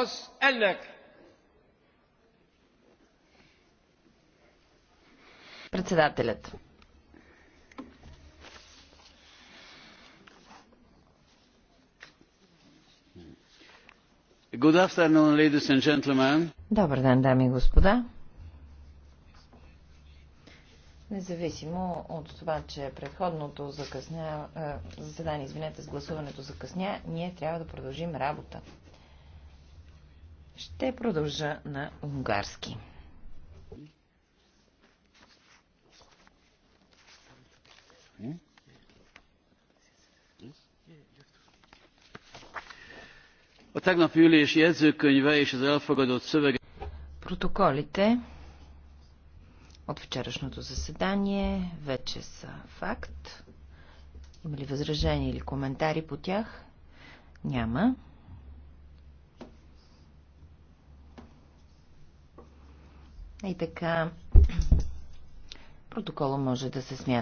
az ennek Председателят. Good afternoon, ladies and gentlemen. Добър ден, дами и господа. Независимо от това, че предходното закъсня, е, заседание, извинете, с гласуването закъсня, ние трябва да продължим работа. Ще продължа на унгарски. Протоколите от вчерашното заседание вече са факт. Има ли възражения или коментари по тях? Няма. И така, протокола може да се смята.